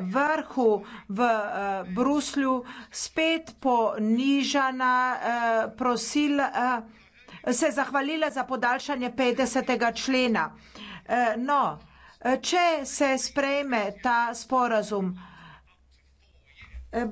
vrhu v uh, Bruslju spet ponižana, uh, eh, prosil, uh, eh, se zahvalila za podaljšanje 50. člena. Uh, no, če se sprejme ta sporazum, uh,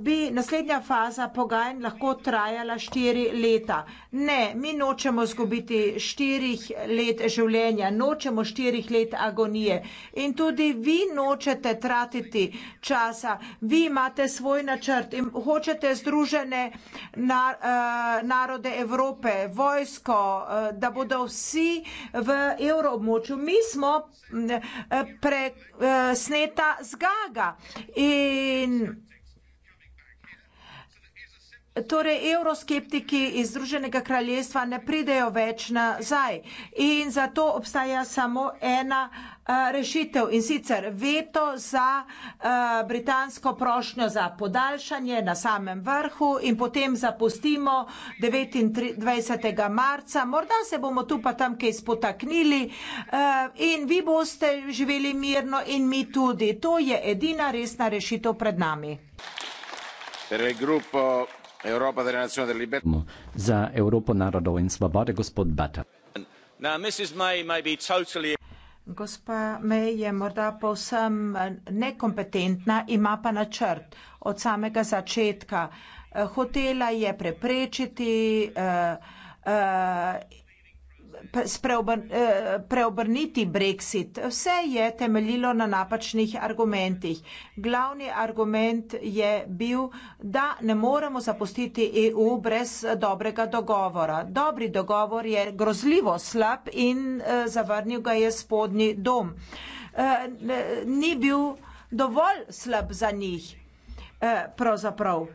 bi naslednja faza pogajanj lahko trajala štiri leta. Ne, mi nočemo zgubiti štirih let življenja, nočemo štirih let agonije. In tudi vi nočete tratiti časa, vi imate svoj načrt in hočete združene na, uh, eh, narode Evrope, vojsko, uh, da bodo vsi v evroobmočju. Mi smo uh, mm, eh, presneta uh, zgaga in Torej, evroskeptiki iz Združenega kraljestva ne pridejo več nazaj in zato obstaja samo ena eh, rešitev in sicer veto za eh, britansko prošnjo za podaljšanje na samem vrhu in potem zapustimo 29. marca. Morda se bomo tu pa tam kaj spotaknili eh, in vi boste živeli mirno in mi tudi. To je edina resna rešitev pred nami. Per torej, il gruppo europa delle nazioni delle libertà za europo narodov in svobode gospod Butter. Now, Mrs. May may be totally... Gospa May je morda povsem eh, nekompetentna, ima pa načrt od samega začetka. Eh, hotela je preprečiti uh, uh, Eh, preobrniti brexit. Vse je temeljilo na napačnih argumentih. Glavni argument je bil, da ne moremo zapustiti EU brez dobrega dogovora. Dobri dogovor je grozljivo slab in eh, zavrnil ga je spodnji dom. Eh, ni bil dovolj slab za njih, pravzaprav.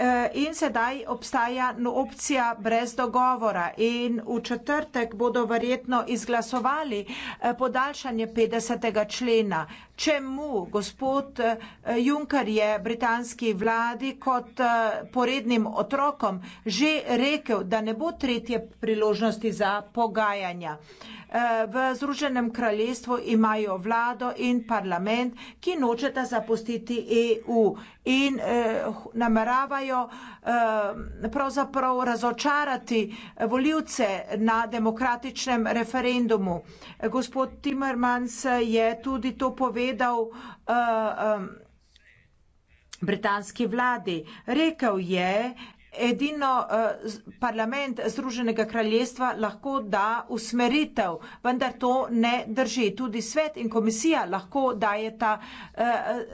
E, in sedaj obstaja no, opcija brez dogovora in v četrtek bodo verjetno izglasovali e, podaljšanje 50. člena čemu gospod eh, Juncker je britanski vladi kot eh, porednim otrokom že rekel, da ne bo tretje priložnosti za pogajanja. Eh, v Združenem kraljestvu imajo vlado in parlament, ki nočeta zapustiti EU in eh, nameravajo eh, pravzaprav razočarati voljivce na demokratičnem referendumu. Gospod Timmermans je tudi to povedal, povedal uh, um, britanski vladi. Rekel je, edino eh, parlament Združenega kraljestva lahko da usmeritev, vendar to ne drži. Tudi svet in komisija lahko daje ta eh,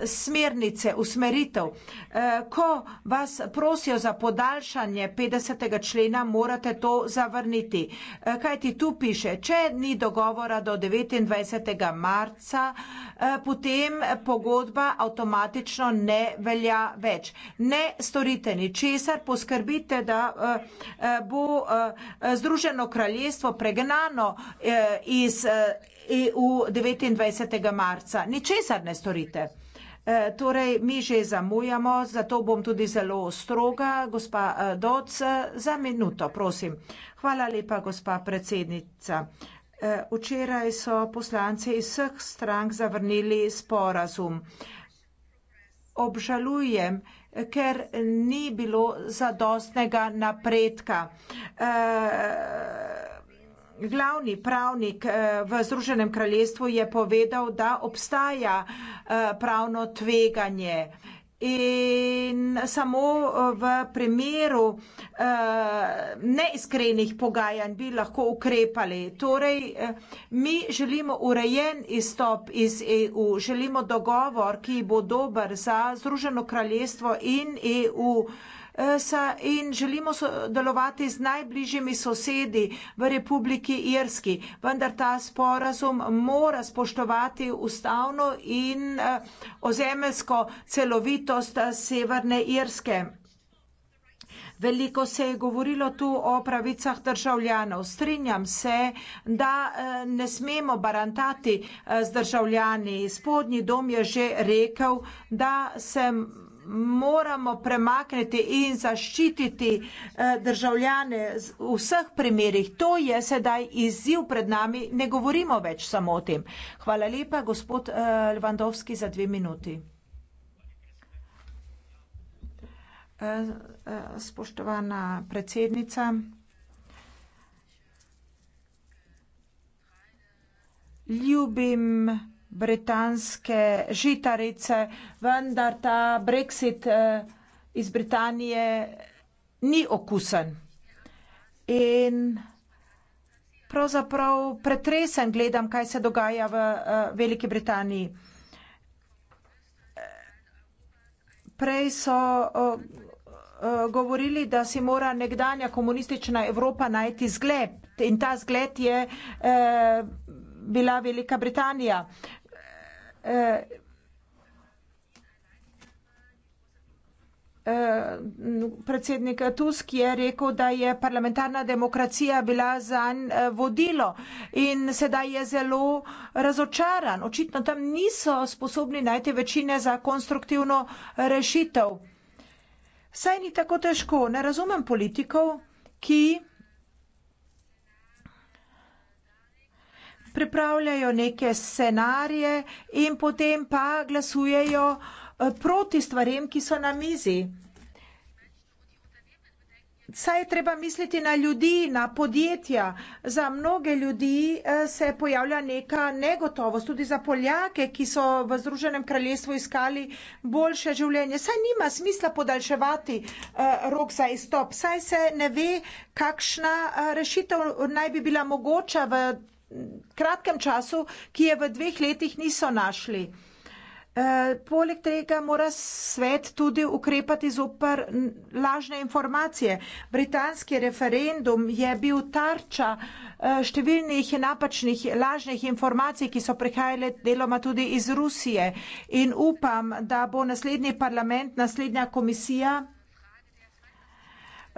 smernice, usmeritev. Eh, ko vas prosijo za podaljšanje 50. člena, morate to zavrniti. Eh, kaj ti tu piše? Če ni dogovora do 29. marca, eh, potem pogodba avtomatično ne velja več. Ne storite ničesar poskrbi poskrbite, da eh, eh, bo eh, Združeno kraljestvo pregnano iz EU e 29. marca. Ničesar ne storite. Torej, mi že zamujamo, zato bom tudi zelo stroga. Gospa Doc, za minuto, prosim. Hvala lepa, gospa predsednica. Včeraj so poslanci iz vseh strank zavrnili sporazum obžalujem, ker ni bilo zadostnega napredka. Eh, glavni pravnik eh, v Združenem kraljestvu je povedal, da obstaja eh, pravno tveganje. In samo eh, v primeru uh, neiskrenih pogajanj bi lahko ukrepali. Torej, uh, mi želimo urejen izstop iz EU, želimo dogovor, ki bo dober za Združeno kraljestvo in EU. Uh, in želimo sodelovati z najbližjimi sosedi v Republiki Irski, vendar ta sporazum mora spoštovati ustavno in eh, ozemeljsko celovitost eh, Severne Irske. Veliko se je govorilo tu o pravicah državljanov. Strinjam se, da eh, ne smemo barantati z državljani. Spodnji dom je že rekel, da se moramo premakniti in zaščititi eh, državljane v vseh primerih. To je sedaj izziv pred nami, ne govorimo več samo o tem. Hvala lepa, gospod eh, Levandovski, za dve minuti. Eh, spoštovana predsednica, ljubim britanske žitarice, vendar ta brexit eh, iz Britanije ni okusen. In pravzaprav pretresen gledam, kaj se dogaja v eh, Veliki Britaniji. Prej so govorili, da si mora nekdanja komunistična Evropa najti zgled in ta zgled je eh, bila Velika Britanija predsednik Tusk je rekel, da je parlamentarna demokracija bila zanj eh, vodilo in sedaj je zelo razočaran. Očitno tam niso sposobni najti večine za konstruktivno rešitev. Saj ni tako težko. Ne razumem politikov, ki. pripravljajo neke scenarije in potem pa glasujejo eh, proti stvarem, ki so na mizi. Saj je treba misliti na ljudi, na podjetja. Za mnoge ljudi eh, se pojavlja neka negotovost, tudi za Poljake, ki so v Združenem kraljestvu iskali boljše življenje. Saj nima smisla podaljševati eh, rok za izstop, saj se ne ve, kakšna rešitev naj bi bila mogoča v kratkem času, ki je v dveh letih niso našli. Eh, poleg tega mora svet tudi ukrepati zopr lažne informacije. Britanski referendum je bil tarča eh, številnih napačnih lažnih informacij, ki so prihajale deloma tudi iz Rusije. In upam, da bo naslednji parlament, naslednja komisija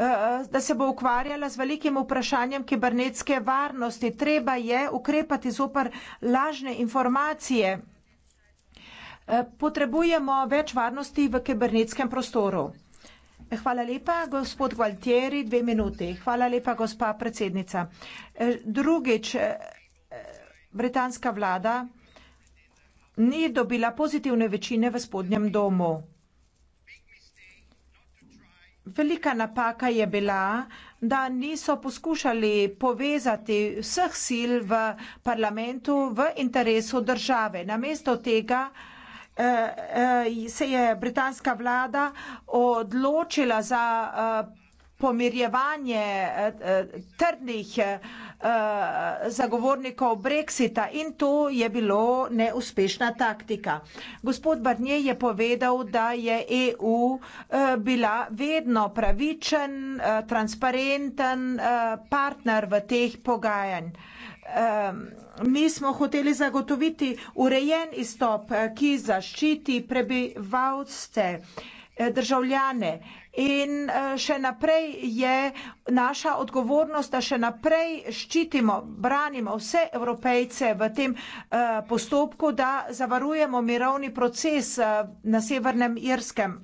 Eh, eh, da se bo ukvarjala z velikim vprašanjem kibernetske varnosti. Treba je ukrepati zopr lažne informacije. Eh, potrebujemo več varnosti v kibernetskem prostoru. Hvala lepa, gospod Gualtieri, dve minuti. Hvala lepa, gospa predsednica. Drugič, britanska vlada ni dobila pozitivne večine v spodnjem domu. Velika napaka je bila, da niso poskušali povezati vseh sil v parlamentu v interesu države. Namesto tega eh, eh, se je britanska vlada odločila za eh, pomirjevanje trdnih Eh, zagovornikov Brexita in to je bilo neuspešna taktika. Gospod Barnier je povedal, da je EU eh, bila vedno pravičen, eh, transparenten partner v teh pogajanj. Ehm, mi smo hoteli zagotoviti urejen izstop, ki zaščiti prebivalce, državljane. In eh, še naprej je naša odgovornost, da še naprej ščitimo, branimo vse evropejce v tem eh, postopku, da zavarujemo mirovni proces eh, na Severnem Irskem.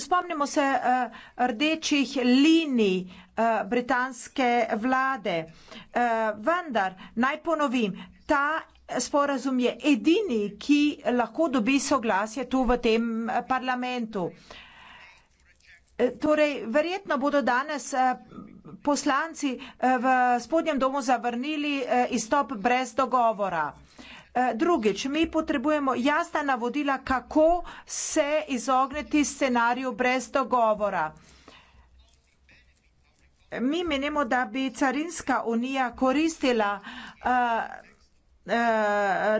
Spomnimo se rdečih linij britanske vlade. Vendar naj ponovim, ta sporazum je edini, ki lahko dobi soglasje tu v tem eh, parlamentu. Eh, torej, verjetno bodo danes eh, poslanci v spodnjem domu zavrnili izstop brez dogovora. Drugič, mi potrebujemo jasna navodila, kako se izogniti scenariju brez dogovora. Mi menimo, da bi carinska unija koristila uh, Eh,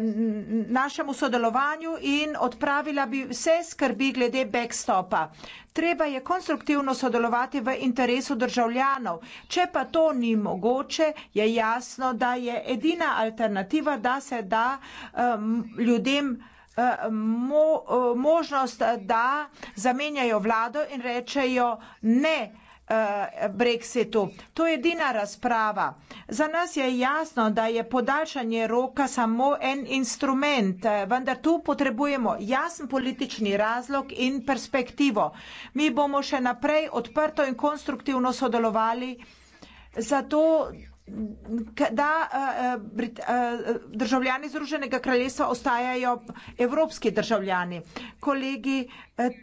našemu sodelovanju in odpravila bi vse skrbi glede backstopa. Treba je konstruktivno sodelovati v interesu državljanov. Če pa to ni mogoče, je jasno, da je edina alternativa, da se da ljudem možnost, da zamenjajo vlado in rečejo ne. Eh, Brexitu. To je edina razprava. Za nas je jasno, da je podaljšanje roka samo en instrument, eh, vendar tu potrebujemo jasen politični razlog in perspektivo. Mi bomo še naprej odprto in konstruktivno sodelovali, zato da eh, eh, eh, državljani Združenega kraljestva ostajajo evropski državljani. Kolegi,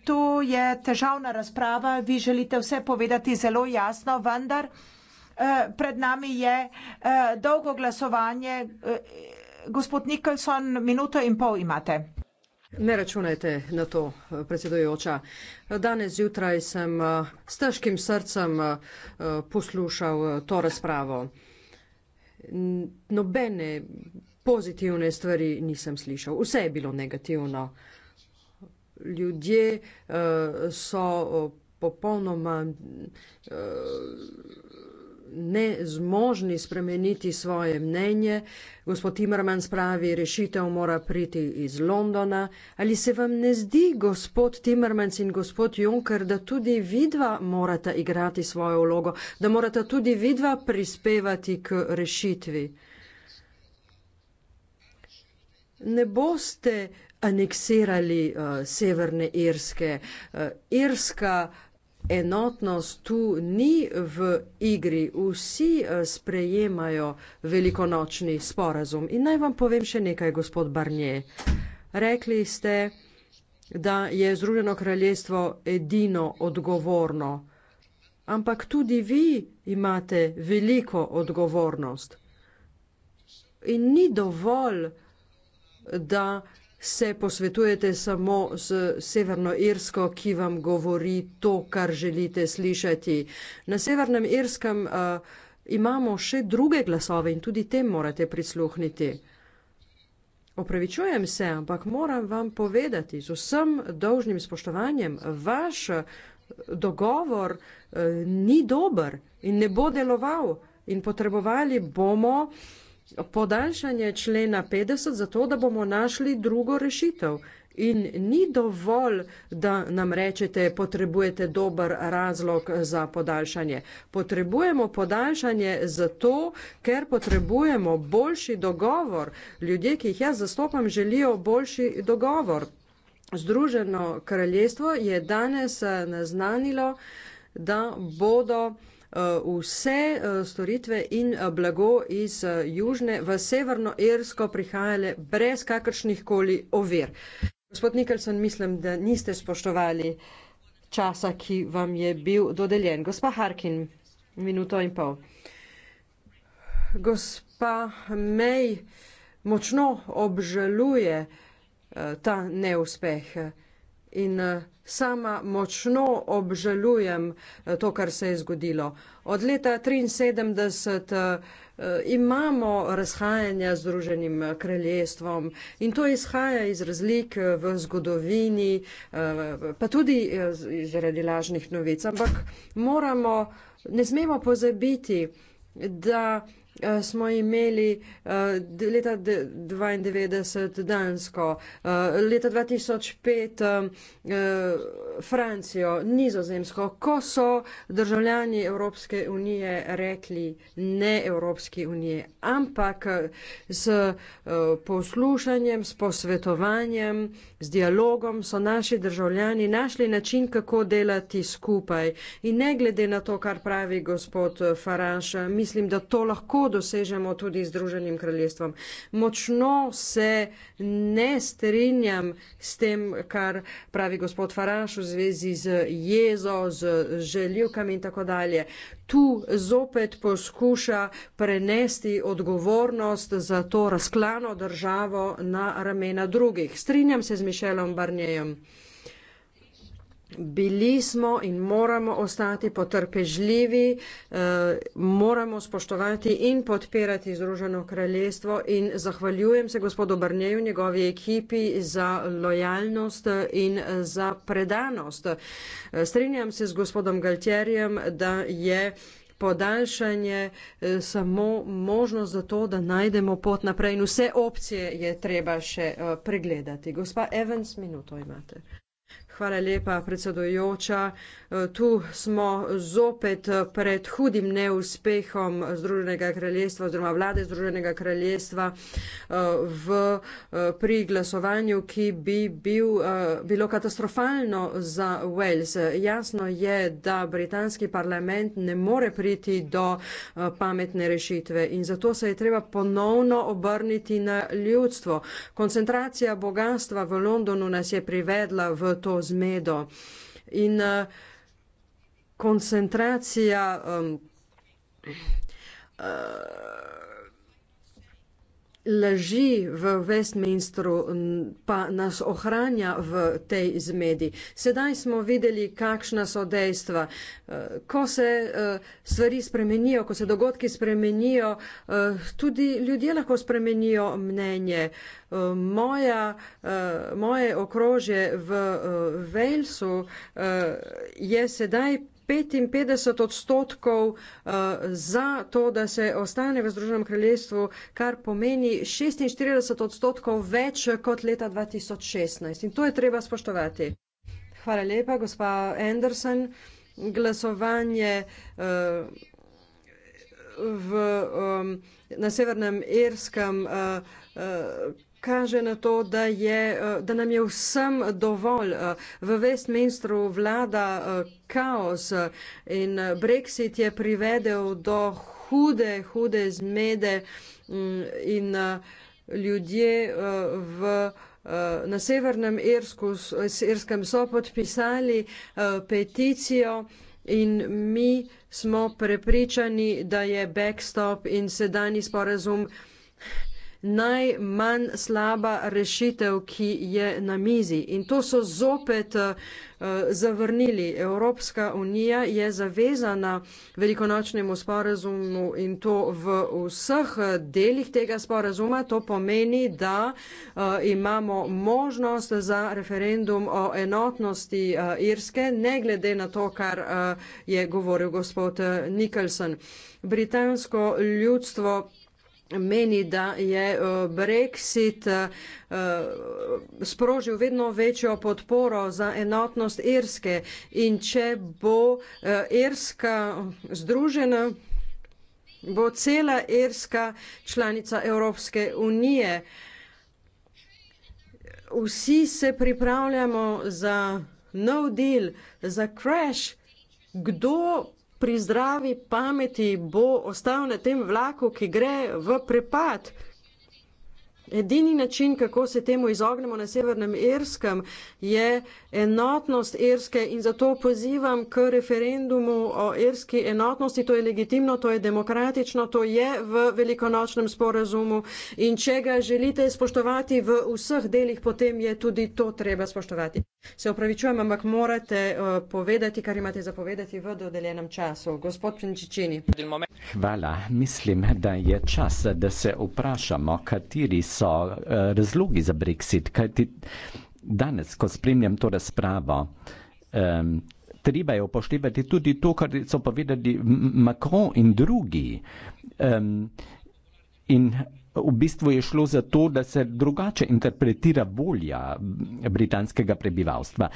to je težavna razprava, vi želite vse povedati zelo jasno, vendar pred nami je dolgo glasovanje. Gospod Nikolson, minuto in pol imate. Ne računajte na to, predsedojoča. Danes zjutraj sem s težkim srcem poslušal to razpravo nobene pozitivne stvari nisem slišal. Vse je bilo negativno. Ljudje uh, so eh, popolnoma uh, ne zmožni spremeniti svoje mnenje. Gospod Timerman spravi, rešitev mora priti iz Londona. Ali se vam ne zdi, gospod Timerman in gospod Juncker, da tudi vidva morata igrati svojo vlogo, da morata tudi vidva prispevati k rešitvi? Ne boste aneksirali uh, severne Irske. Uh, Irska uh, enotnost tu ni v igri, vsi eh, sprejemajo velikonočni sporazum. In naj vam povem še nekaj, gospod Barnje. Rekli ste, da je Združeno kraljestvo edino odgovorno, ampak tudi vi imate veliko odgovornost. In ni dovolj, da se posvetujete samo z Severno Irsko, ki vam govori to, kar želite slišati. Na Severnem Irskem uh, imamo še druge glasove in tudi tem morate prisluhniti. Opravičujem se, ampak moram vam povedati z vsem dolžnim spoštovanjem, vaš eh, dogovor uh, ni dober in ne bo deloval in potrebovali bomo uh, podaljšanje člena 50 zato, da bomo našli drugo rešitev. In ni dovolj, da nam rečete, potrebujete dober razlog za podaljšanje. Potrebujemo podaljšanje zato, ker potrebujemo boljši dogovor. Ljudje, ki jih jaz zastopam, želijo boljši dogovor. Združeno kraljestvo je danes eh, naznanilo, da bodo Eh, vse eh, storitve in eh, blago iz Južne v Severno Irsko prihajale brez kakršnih koli ovir. Gospod Nikolson, mislim, da niste spoštovali časa, ki vam je bil dodeljen. Gospa Harkin, minuto in pol. Gospa May močno obžaluje ta neuspeh in eh, sama močno obžalujem eh, to, kar se je zgodilo. Od leta 1973 eh, imamo razhajanja z Združenim kraljestvom in to izhaja iz razlik v zgodovini, pa tudi zaradi lažnih novic. Ampak moramo, ne smemo pozabiti, da Eh, smo imeli eh, leta 92 Dansko, eh, leta 2005 Francijo, Nizozemsko, ko so državljani Evropske unije rekli ne Evropske unije, ampak s poslušanjem, s posvetovanjem, s dialogom so naši državljani našli način, kako delati skupaj. In ne glede na to, kar pravi gospod Faranš, mislim, da to lahko dosežemo tudi z Združenim kraljestvom. Močno se ne strinjam s tem, kar pravi gospod Faraš v zvezi z jezo, z željivkami in tako dalje. Tu zopet poskuša prenesti odgovornost za to razklano državo na ramena drugih. Strinjam se z Mišelom Barnjejem. Bili smo in moramo ostati potrpežljivi, eh, moramo spoštovati in podpirati Združeno kraljestvo in zahvaljujem se gospodu Brneju in njegovi ekipi za lojalnost in za predanost. Eh, strinjam se z gospodom Galtjerjem, da je podaljšanje eh, samo možnost za to, da najdemo pot naprej in vse opcije je treba še pregledati. Gospa Evans, minuto imate. Hvala lepa, predsedujoča. E, tu smo zopet pred hudim neuspehom Združenega kraljestva oziroma vlade Združenega kraljestva e, v, e, pri glasovanju, ki bi bil, bilo katastrofalno za Wales. Jasno je, da britanski parlament ne more priti do pametne rešitve in zato se je treba ponovno obrniti na ljudstvo. Koncentracija bogatstva v Londonu nas je privedla v to zelo zmedo. In uh, koncentracija. Um, uh, laži v Westminstru, pa nas ohranja v tej zmedi. Sedaj smo videli, kakšna so dejstva. E, ko se e, stvari spremenijo, ko se dogodki spremenijo, e, tudi ljudje lahko spremenijo mnenje. Moja, moje okrožje v Walesu je sedaj 55 odstotkov eh, za to, da se ostane v Združenem kraljestvu, kar pomeni 46 odstotkov več kot leta 2016. In to je treba spoštovati. Hvala lepa, gospa Anderson. Glasovanje eh, v, eh, na Severnem Irskem kaže na to, da, je, eh, da nam je vsem dovolj. Eh, v Westminsteru vlada eh, kaos in Brexit je privedel do hude, hude zmede mm, in ljudje v, na severnem Irsku, Irskem so podpisali peticijo in mi smo prepričani, da je backstop in sedani sporazum najmanj slaba rešitev, ki je na mizi. In to so zopet eh, zavrnili. Evropska unija je zavezana velikonočnemu sporazumu in to v vseh eh, delih tega sporazuma. To pomeni, da eh, imamo možnost za referendum o enotnosti Irske, ne glede na to, kar je govoril gospod Nikolson. Britansko ljudstvo meni, da je eh, Brexit eh, eh, sprožil vedno večjo podporo za enotnost Irske in če bo Irska združena, bo cela Irska članica Evropske unije. Vsi se pripravljamo za no deal, za crash. Kdo pri zdravi pameti bo ostal na tem vlaku, ki gre v prepad. Edini način, kako se temu izognemo na severnem Irskem, je enotnost Irske in zato pozivam k referendumu o irski enotnosti. To je legitimno, to je demokratično, to je v velikonočnem sporazumu in če ga želite spoštovati v vseh delih, potem je tudi to treba spoštovati. Se upravičujem, ampak morate uh, povedati, kar imate zapovedati v dodeljenem času. Gospod Pinčičini. Hvala. Mislim, da je čas, da se vprašamo, kateri so eh, razlogi za brexit. Kajti danes, ko spremljam to razpravo, treba je upoštevati tudi to, kar so povedali Macron in drugi. In V bistvu je šlo za to, da se drugače interpretira volja britanskega prebivalstva.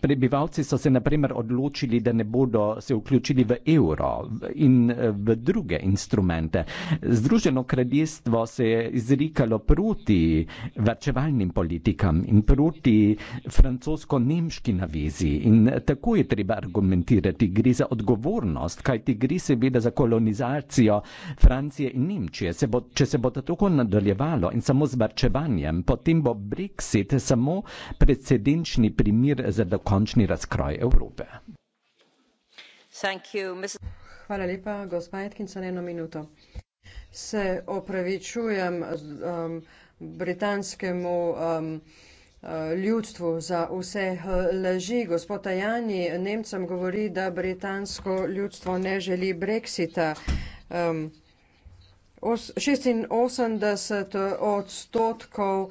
Prebivalci so se naprimer odločili, da ne bodo se vključili v evro in v druge instrumente. Združeno kraljestvo se je izrikalo proti vrčevalnim politikam in proti francosko-nemški navezi in tako je treba argumentirati. Gre za odgovornost, kajti gre seveda za kolonizacijo Francije Nemčije, se bo, če se bo to tako nadaljevalo in samo z varčevanjem, potem bo Brexit samo precedenčni primir za dokončni razkroj Evrope. You, Hvala lepa, gospa Etkinson, eno minuto. Se opravičujem um, britanskemu. Um, uh, ljudstvu za vse laži. Gospod Tajani Nemcem govori, da britansko ljudstvo ne želi brexita. Um, os, 86 odstotkov uh,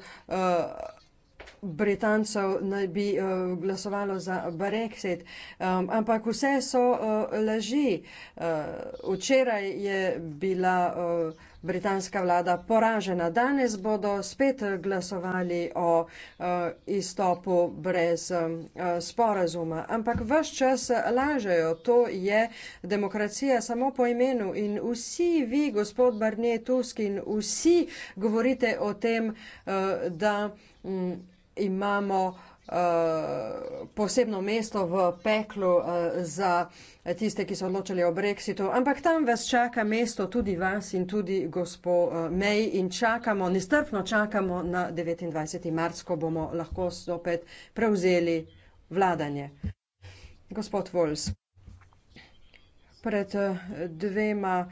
Britancev naj bi uh, glasovalo za Brexit, um, ampak vse so uh, laži. Uh, včeraj je bila uh, britanska vlada poražena, danes bodo spet glasovali o uh, izstopu brez um, sporazuma. Ampak vse čas lažejo, to je demokracija samo po imenu in vsi vi, gospod Barnet Tusk in vsi govorite o tem, uh, da. Um, imamo uh, posebno mesto v peklu uh, za tiste, ki so odločali o brexitu, ampak tam vas čaka mesto tudi vas in tudi gospo eh, May in čakamo, nestrpno čakamo na 29. marc, ko bomo lahko spet prevzeli vladanje. Gospod Vols. Pred dvema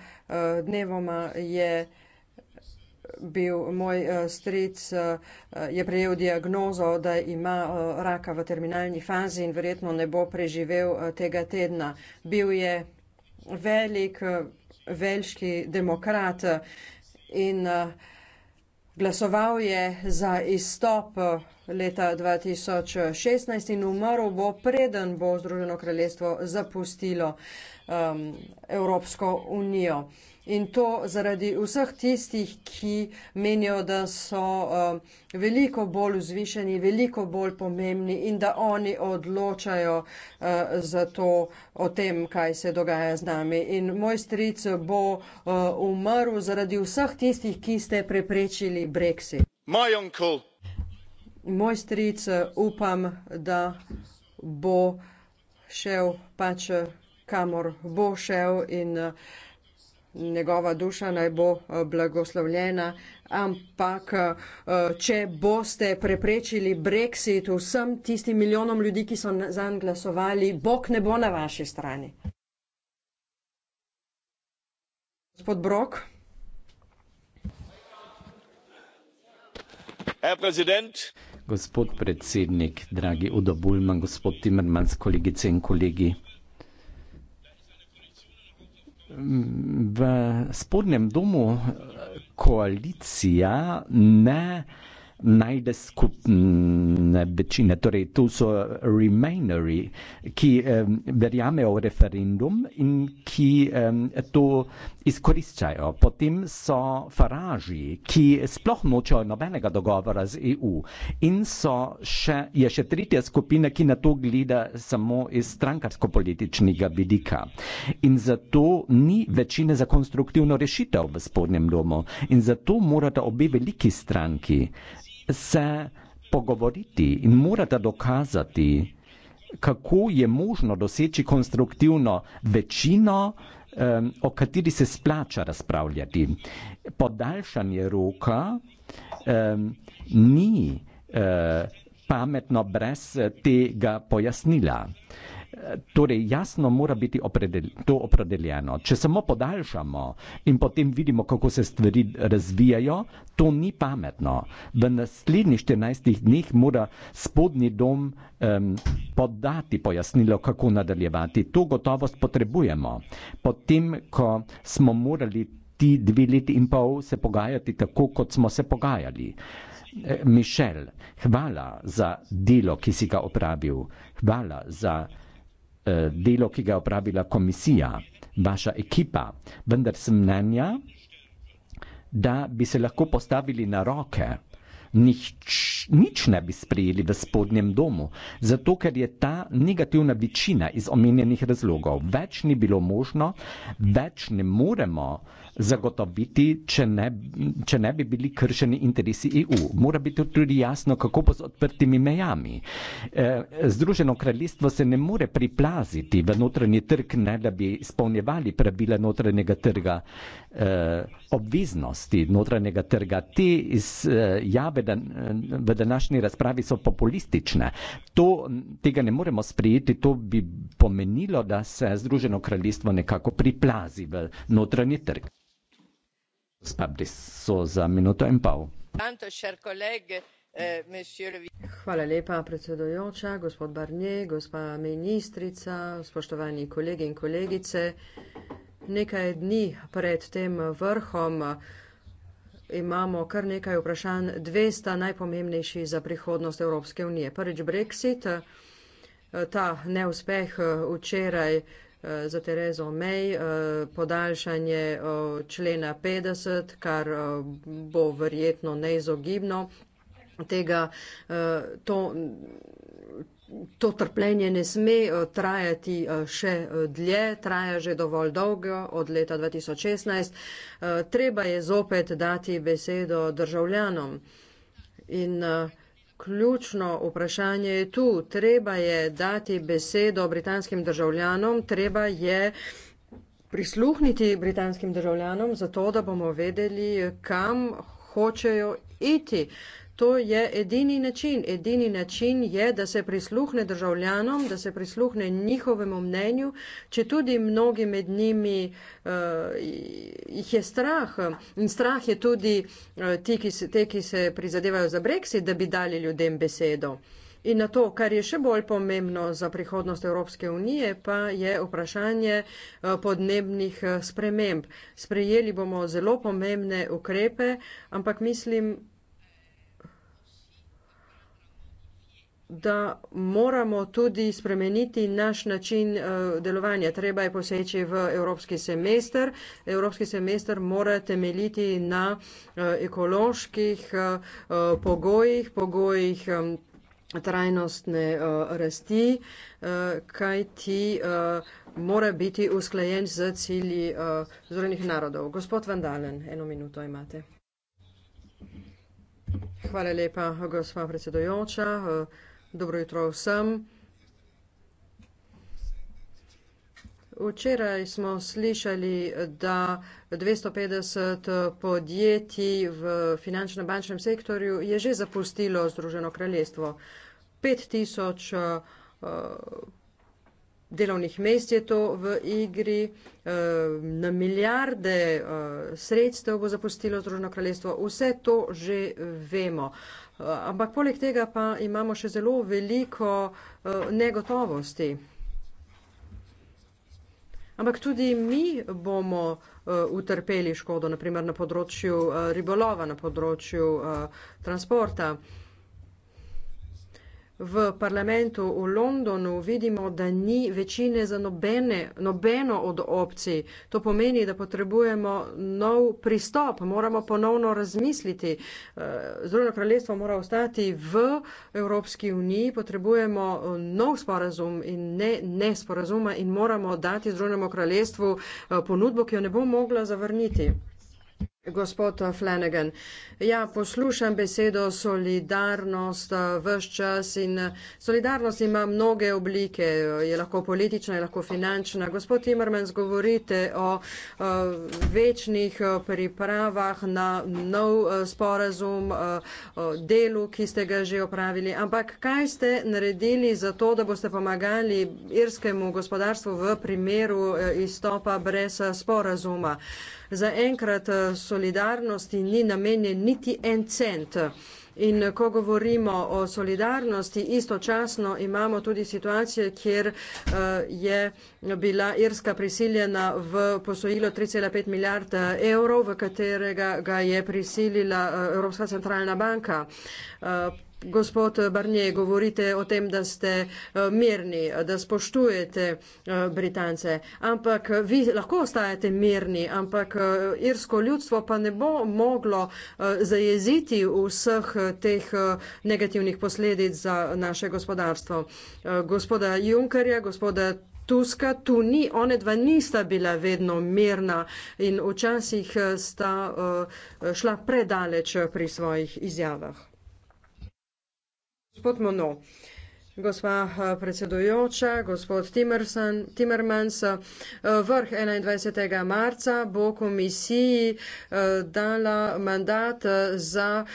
dnevoma je uh, bil moj eh, stric, eh, je prejel diagnozo, da ima eh, raka v terminalni fazi in verjetno ne bo preživel tega tedna. Bil je velik velški demokrat in glasoval je za izstop leta 2016 in umrl bo, preden bo Združeno kraljestvo zapustilo um, Evropsko unijo. In to zaradi vseh tistih, ki menijo, da so um, veliko bolj vzvišeni, veliko bolj pomembni in da oni odločajo uh, za to, o tem, kaj se dogaja z nami. In moj stric bo uh, umrl zaradi vseh tistih, ki ste preprečili Brexit. Moj onkel. Moj stric upam, da bo šel pač kamor bo šel in eh, njegova duša naj bo eh, blagoslovljena. Ampak, eh, če boste preprečili brexit vsem tistim milijonom ljudi, ki so zanj glasovali, Bog ne bo na vaši strani. Gospod Brok. Gospod predsednik, dragi Udo Bulman, gospod Timmermans, kolegice in kolegi v spodnjem domu koalicija ne najde skupne večine. Torej, tu so remainerji, ki eh, verjamejo v referendum in ki eh, to izkoriščajo. Potem so faraži, ki sploh nočejo nobenega dogovora z EU in so še, je še tretja skupina, ki na to gleda samo iz strankarsko-političnega vidika. In zato ni večine za konstruktivno rešitev v spodnjem domu. In zato morata obe veliki stranki se pogovoriti in morata dokazati, kako je možno doseči konstruktivno večino, o kateri se splača razpravljati. Podaljšanje roka ni eh, pametno brez eh, tega pojasnila. Torej, jasno mora biti opredel, to opredeljeno. Če samo podaljšamo in potem vidimo, kako se stvari razvijajo, to ni pametno. V naslednjih 14 dneh mora spodnji dom um, podati pojasnilo, kako nadaljevati. To gotovost potrebujemo. Potem, ko smo morali ti dve leti in pol se pogajati tako, kot smo se pogajali. E, Mišel, hvala za delo, ki si ga opravil. Hvala za. Eh, delo, ki ga je upravila komisija, vaša ekipa, vendar sem mnenja, da bi se lahko postavili na roke, nič, nič ne bi sprejeli v spodnjem domu, zato ker je ta negativna večina iz omenjenih razlogov več ni bilo možno, več ne moremo uh, zagotoviti, če ne, če ne bi bili kršeni interesi EU. Mora biti tudi jasno, kako bo z odprtimi mejami. E, Združeno kraljestvo se ne more priplaziti v notranji trg, ne da bi izpolnjevali pravila notranjega trga, e, obveznosti notranjega trga. Te izjave e, v današnji razpravi so populistične. To, tega ne moremo sprejeti, to bi pomenilo, da se Združeno kraljestvo nekako priplazi v notranji trg. Eh, Hvala lepa, predsedujoča, gospod Barnier, gospa ministrica, spoštovani kolegi in kolegice. Nekaj dni pred tem vrhom imamo kar nekaj vprašanj, dve sta najpomembnejši za prihodnost Evropske unije. Prvič brexit, ta neuspeh včeraj Eh, za Terezo May, eh, podaljšanje eh, člena 50, kar bo verjetno neizogibno. Tega, to, to trpljenje ne sme trajati še dlje, traja že dovolj dolgo od leta 2016. Treba je zopet dati besedo državljanom. In uh, ključno vprašanje je tu. Treba je dati besedo britanskim državljanom, treba je prisluhniti britanskim državljanom, zato da bomo vedeli, kam hočejo iti. To je edini način. Edini način je, da se prisluhne državljanom, da se prisluhne njihovemu mnenju, če tudi mnogi med njimi uh, jih je strah. In strah je tudi uh, ti, ki se, te, ki se prizadevajo za Brexit, da bi dali ljudem besedo. In na to, kar je še bolj pomembno za prihodnost Evropske unije, pa je vprašanje eh, podnebnih sprememb. Sprejeli bomo zelo pomembne ukrepe, ampak mislim, da moramo tudi spremeniti naš način eh, delovanja. Treba je poseči v evropski semester. Evropski semester mora temeljiti na eh, ekoloških eh, pogojih, pogojih trajnostne rasti, kaj ti mora biti usklajen z cilji zrednih narodov. Gospod Vandalen, eno minuto imate. Hvala lepa, gospod predsedojoča. Dobro jutro vsem. Včeraj smo slišali, da dvesto petdeset podjetij v finančno-bančnem sektorju je že zapustilo Združeno kraljestvo. Pet tisoč, eh, delovnih mest je to v igri, eh, na milijarde eh, sredstev bo zapustilo Združeno kraljestvo, vse to že vemo. Eh, ampak poleg tega pa imamo še zelo veliko negotovosti. Ampak tudi mi bomo uh, utrpeli škodo, naprimer na področju uh, ribolova, na področju uh, transporta. Uh, v parlamentu v Londonu vidimo, da ni večine za nobene, nobeno od opcij. To pomeni, da potrebujemo nov pristop, moramo ponovno razmisliti. Eh, Združeno kraljestvo mora ostati v Evropski uniji, potrebujemo eh, nov sporazum in ne nesporazuma in moramo dati Združenemu kraljestvu eh, ponudbo, ki jo ne bo mogla zavrniti. Gospod Flanagan, ja, poslušam besedo solidarnost vse čas in solidarnost ima mnoge oblike, je lahko politična, je lahko finančna. Gospod Timmermans, govorite o večnih pripravah na nov e, sporazum, e, delu, ki ste ga že opravili, ampak kaj ste naredili za to, da boste pomagali irskemu gospodarstvu v primeru e, izstopa brez sporazuma? zaenkrat eh, solidarnosti ni namenjen niti en cent. In eh, ko govorimo o solidarnosti, istočasno imamo tudi situacije, kjer eh, je bila Irska prisiljena v posojilo 3,5 milijard evrov, v katerega ga je prisilila Evropska centralna banka. Gospod Barnier, govorite o tem, da ste eh, mirni, da spoštujete eh, Britance, ampak eh, vi lahko ostajate mirni, ampak irsko ljudstvo pa ne bo moglo zajeziti vseh teh negativnih posledic za naše gospodarstvo. Gospoda Junkerja, gospoda Tuska, tu ni, one dva nista bila vedno mirna in včasih sta šla predaleč pri svojih izjavah. Gospod Mono, Gospa eh, predsedujoča, gospod Timmermans, eh, vrh 21. marca bo komisiji eh, dala mandat za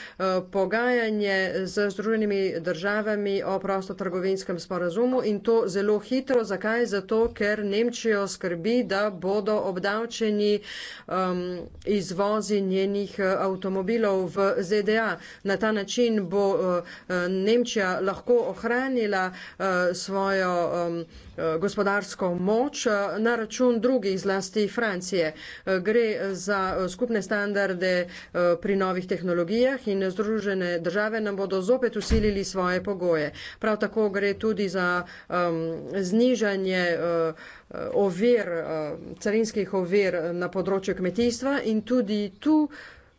pogajanje z Združenimi državami o prostotrgovinskem sporazumu in to zelo hitro. Zakaj? Zato, ker Nemčijo skrbi, da bodo obdavčeni um, izvozi njenih avtomobilov v ZDA. Na ta način bo uh, Nemčija lahko ohranila razvila eh, svojo eh, gospodarsko moč eh, na račun drugih, zlasti Francije. Gre za skupne standarde pri novih tehnologijah in združene države nam bodo zopet usilili svoje pogoje. Prav tako gre tudi za znižanje ovir, carinskih ovir na področju kmetijstva in tudi tu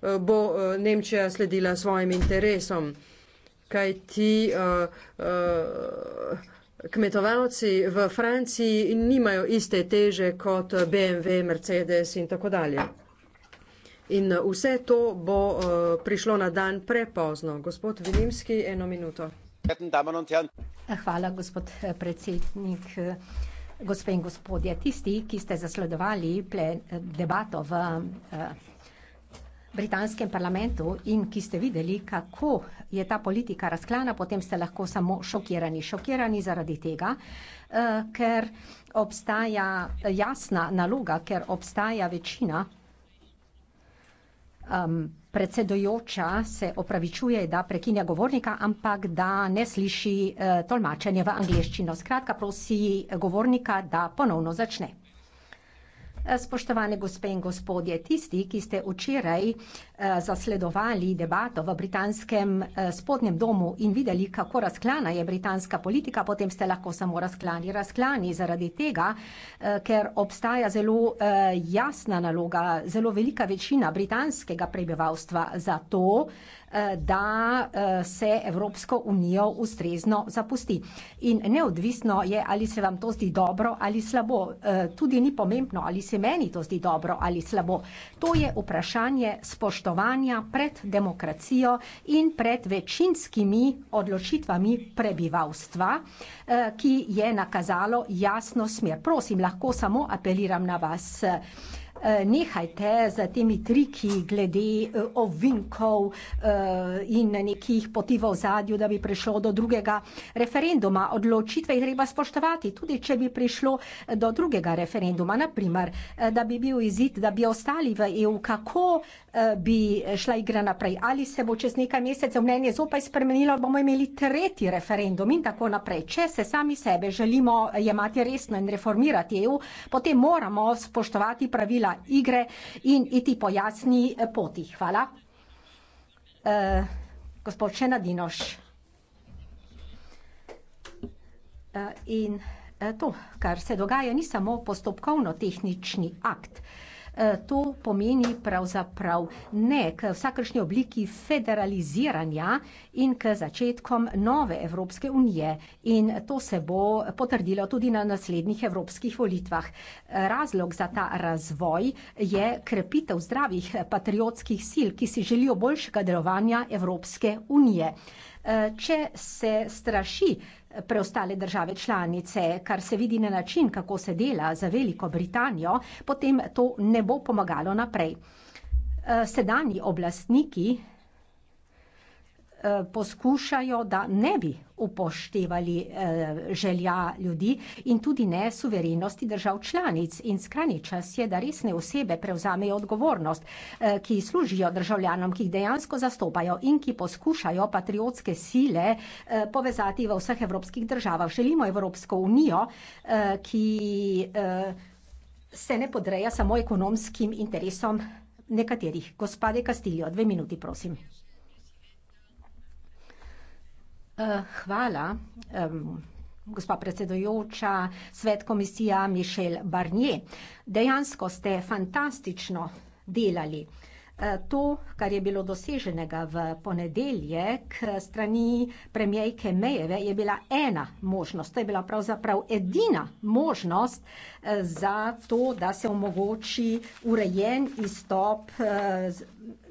bo Nemčija sledila svojim interesom kaj ti uh, eh, uh, eh, kmetovalci v Franciji nimajo iste teže kot BMW, Mercedes in tako dalje. In vse to bo uh, prišlo na dan prepozno. Gospod Vilimski, eno minuto. Hvala, gospod predsednik. Gospe in gospodje, tisti, ki ste zasledovali debato v. Uh, britanskem parlamentu in ki ste videli, kako je ta politika razklana, potem ste lahko samo šokirani. Šokirani zaradi tega, eh, ker obstaja jasna naloga, ker obstaja večina. Um, predsedojoča se opravičuje, da prekinja govornika, ampak da ne sliši uh, tolmačenje v angleščino. Skratka, prosi govornika, da ponovno začne. Spoštovane gospe in gospodje, tisti, ki ste včeraj eh, zasledovali debato v britanskem eh, spodnjem domu in videli, kako razklana je britanska politika, potem ste lahko samo razklani. Razklani zaradi tega, eh, ker obstaja zelo jasna naloga, zelo velika večina britanskega prebivalstva za to, Eh, da eh, se Evropsko unijo ustrezno zapusti. In neodvisno je, ali se vam to zdi dobro ali slabo. Eh, tudi ni pomembno, ali se meni to zdi dobro ali slabo. To je vprašanje spoštovanja pred demokracijo in pred večinskimi odločitvami prebivalstva, ki je nakazalo jasno smer. Prosim, lahko samo apeliram na vas nehajte z temi triki glede eh, ovinkov eh, in nekih poti v ozadju, da bi prišlo do drugega referenduma. Odločitve je treba spoštovati, tudi če bi prišlo eh, do drugega referenduma, naprimer, da bi bil izid, da bi ostali v EU, kako bi šla igra naprej. Ali se bo čez nekaj mesecev mnenje zopaj spremenilo, bomo imeli tretji referendum in tako naprej. Če se sami sebe želimo jemati resno in reformirati EU, potem moramo spoštovati pravila organizira igre in iti po jasni eh, poti. Hvala. Eh, gospod Šenadinoš. Eh, in... E, to, kar se dogaja, ni samo postopkovno-tehnični akt. E, to pomeni pravzaprav ne k vsakršni obliki federaliziranja in k začetkom nove Evropske unije. In to se bo potrdilo tudi na naslednjih evropskih volitvah. Razlog za ta razvoj je krepitev zdravih patriotskih sil, ki si želijo boljšega delovanja Evropske unije. E, če se straši preostale države članice, kar se vidi na način, kako se dela za Veliko Britanijo, potem to ne bo pomagalo naprej. Eh, Sedani oblastniki poskušajo, da ne bi upoštevali eh, želja ljudi in tudi ne suverenosti držav članic. In skrajni čas je, da resne osebe prevzamejo odgovornost, eh, ki služijo državljanom, ki jih dejansko zastopajo in ki poskušajo patriotske sile eh, povezati v vseh evropskih državah. Želimo Evropsko unijo, ki se ne podreja samo ekonomskim interesom nekaterih. Gospode Kastiljo, dve minuti, prosim. Eh, hvala. Um, gospa predsedujoča, svet komisija Mišel Barnier. Dejansko ste fantastično delali. Eh, to, kar je bilo doseženega v ponedeljek eh, strani premijejke Mejeve, je bila ena možnost. To je bila pravzaprav edina možnost za to, da se omogoči urejen izstop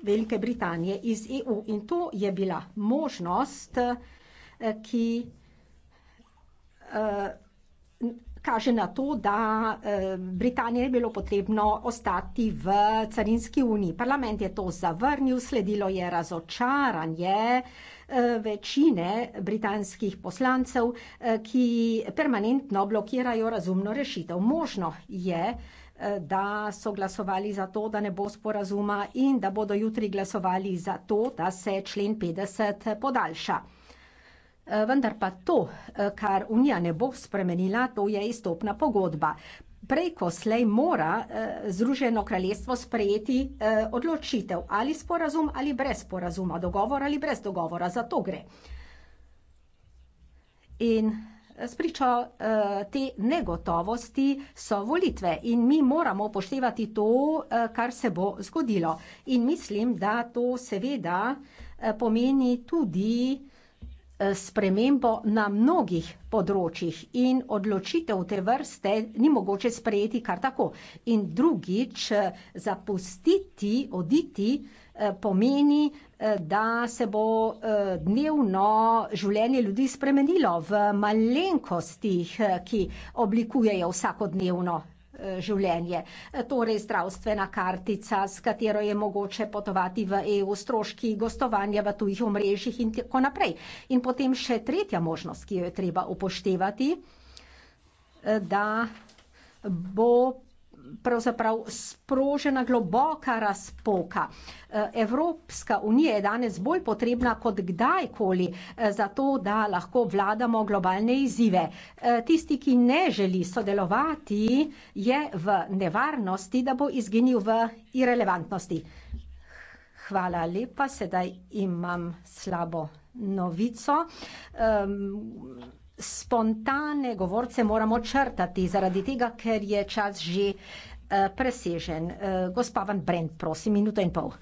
Velike Britanije iz EU. In to je bila možnost Eh, ki eh, kaže na to, da eh, Britanije je bilo potrebno ostati v carinski uniji. Parlament je to zavrnil, sledilo je razočaranje večine britanskih poslancev, ki permanentno blokirajo razumno rešitev. Možno je, da so glasovali za to, da ne bo sporazuma in da bodo jutri glasovali za to, da se člen 50 podaljša. Eh, vendar pa to, eh, kar Unija ne bo spremenila, to je izstopna pogodba. Prej ko slej mora eh, Združeno kraljestvo sprejeti odločitev ali sporazum ali brez sporazuma, dogovor ali brez dogovora, za to gre. In spričo te negotovosti so volitve in mi moramo upoštevati to, kar se bo zgodilo. In mislim, da to seveda pomeni tudi, spremembo na mnogih področjih in odločitev te vrste ni mogoče sprejeti kar tako. In drugič, zapustiti, oditi, eh, pomeni, eh, da se bo eh, dnevno življenje ljudi spremenilo v malenkostih, ki oblikujejo vsakodnevno življenje. Torej zdravstvena kartica, s katero je mogoče potovati v EU, stroški gostovanja v tujih omrežjih in tako naprej. In potem še tretja možnost, ki jo je treba upoštevati, da bo pravzaprav sprožena globoka razpoka. Eh, Evropska unija je danes bolj potrebna kot kdajkoli eh, za to, da lahko vladamo globalne izzive. Eh, tisti, ki ne želi sodelovati, je v nevarnosti, da bo izginil v irelevantnosti. Hvala lepa, sedaj imam slabo novico. Um, spontane govorce moramo črtati, zaradi tega, ker je čas že uh, presežen. Uh, gospa Van Brent, prosim, minuto in pol. Uh,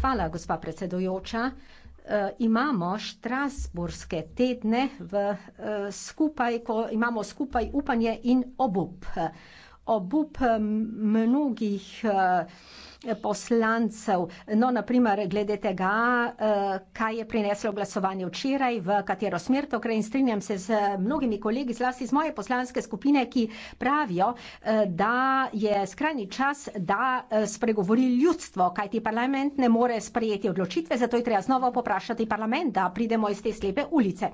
hvala, gospa predsedujoča. Uh, imamo Štrasburske tedne v, uh, skupaj, ko imamo skupaj upanje in obup. Obup mnogih uh, poslancev. No, naprimer, glede tega, eh, kaj je prineslo glasovanje včeraj, v katero smer to gre in strinjam se z mnogimi kolegi, zlasti z moje poslanske skupine, ki pravijo, eh, da je skrajni čas, da eh, spregovori ljudstvo, kaj ti parlament ne more sprejeti odločitve, zato je treba znova poprašati parlament, da pridemo iz te slepe ulice.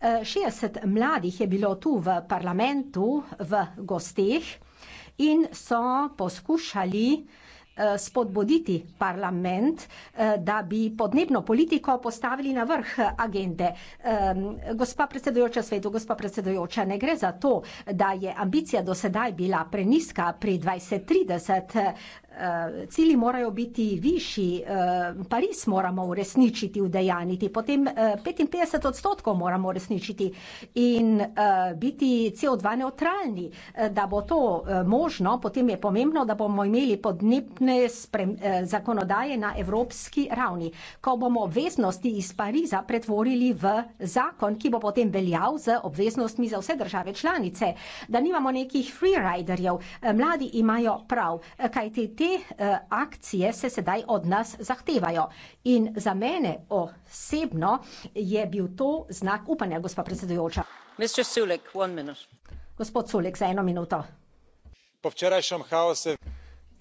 60 mladih je bilo tu v parlamentu, v gosteh in so poskušali uh, Eh, spodbuditi parlament, eh, da bi podnebno politiko postavili na vrh agende. Gospa predsedujoča svetu, gospa predsedujoča, ne gre za to, da je ambicija do sedaj bila preniska pri 2030, Eh, cilji morajo biti višji, eh, Pariz moramo uresničiti, udejaniti, potem 55 eh, odstotkov moramo uresničiti in biti CO2 neutralni. Da bo to možno, potem je pomembno, da bomo imeli podnebne zakonodaje na evropski ravni. Ko bomo obveznosti iz Pariza pretvorili v zakon, ki bo potem veljal z obveznostmi za vse države članice, da nimamo nekih freeriderjev, mladi imajo prav, kaj ti te te eh, akcije se sedaj od nas zahtevajo. In za mene osebno je bil to znak upanja, gospa predsedujoča. Sulik, gospod Sulik, za eno minuto. Po včerajšnjem haosu.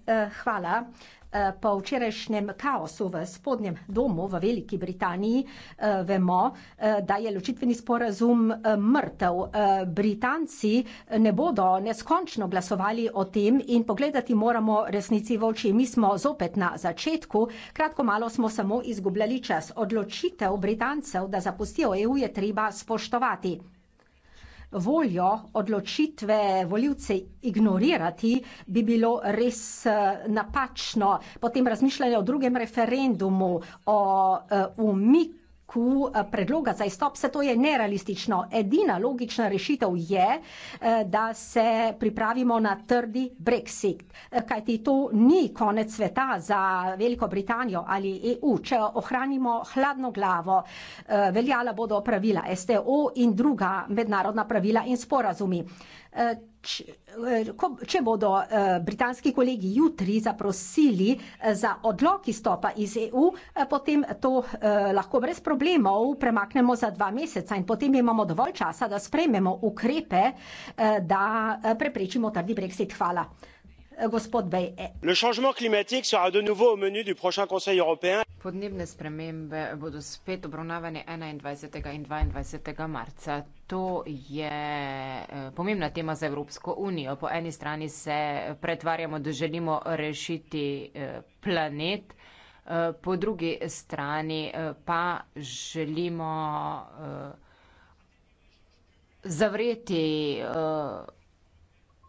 Eh, hvala. Eh, Eh, po včerajšnjem kaosu v spodnjem domu v Veliki Britaniji eh, vemo, eh, da je ločitveni sporazum mrtev. Britanci ne bodo neskončno glasovali o tem in pogledati moramo resnici v oči. Mi smo zopet na začetku, kratko malo smo samo izgubljali čas. Odločitev Britancev, da zapustijo EU, je treba spoštovati voljo odločitve voljivce ignorirati, bi bilo res eh, napačno. Potem razmišljanje o drugem referendumu, o eh, umiku ku eh, predloga za izstop, se to je nerealistično. Edina logična rešitev je, eh, da se pripravimo na trdi brexit. Eh, kajti to ni konec sveta za Veliko Britanijo ali EU. Če ohranimo hladno glavo, veljala bodo pravila STO in druga mednarodna pravila in sporazumi. Eh, če bodo eh, britanski kolegi jutri zaprosili eh, za odlog izstopa iz EU, potem to lahko brez problemov premaknemo za dva meseca in potem imamo dovolj časa, da sprejmemo ukrepe, da preprečimo trdi brexit. Hvala. Eh, eh, le changement climatique sera de nouveau au menu du prochain conseil européen. Podnebne spremembe bodo spet obravnavane 21. in 22. marca. To je eh, pomembna tema za Evropsko unijo. Po eni strani se pretvarjamo, da želimo rešiti planet, po drugi strani pa želimo zavreti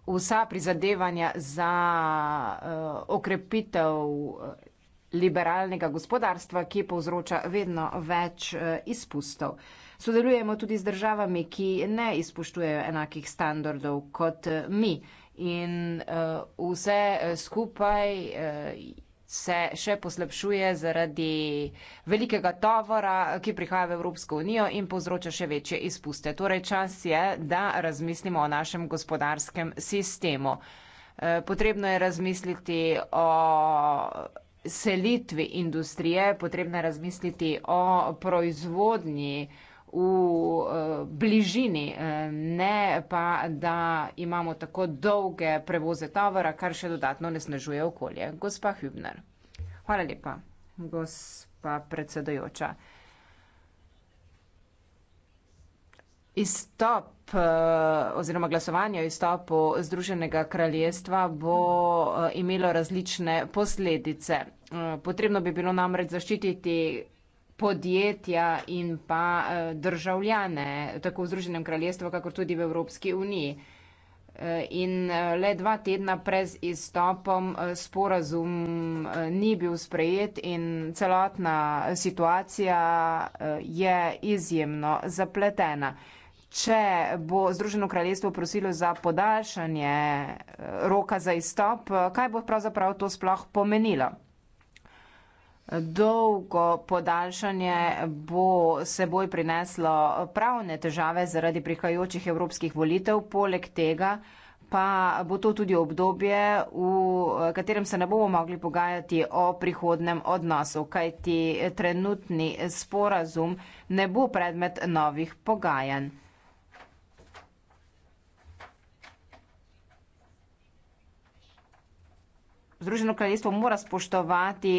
vsa prizadevanja za uh, okrepitev eh, liberalnega gospodarstva, ki povzroča vedno več uh, izpustov. Sodelujemo tudi z državami, ki ne izpuščujejo enakih standardov kot mi. In uh, vse skupaj uh, se še poslabšuje zaradi velikega tovora, ki prihaja v Evropsko unijo in povzroča še večje izpuste. Torej, čas je, da razmislimo o našem gospodarskem sistemu. E, potrebno je razmisliti o selitvi industrije, potrebno je razmisliti o proizvodnji v eh, bližini, eh, ne pa, da imamo tako dolge prevoze tovora, kar še dodatno nesnažuje okolje. Gospa Hübner. Hvala lepa, gospa predsedojoča. Izstop eh, oziroma glasovanje o izstopu Združenega kraljestva bo imelo različne posledice. Potrebno bi bilo namreč zaščititi podjetja in pa eh, državljane, tako v Združenem kraljestvu, kakor tudi v Evropski uniji. Eh, in eh, le dva tedna pred izstopom sporazum ni bil sprejet in celotna situacija je izjemno zapletena. Če bo Združeno kraljestvo prosilo za podaljšanje roka za izstop, kaj bo pravzaprav to sploh pomenilo? Dolgo podaljšanje bo seboj prineslo pravne težave zaradi prihajajočih evropskih volitev, poleg tega pa bo to tudi obdobje, v katerem se ne bomo mogli pogajati o prihodnem odnosu, kajti trenutni sporazum ne bo predmet novih pogajanj. Združeno kraljestvo mora spoštovati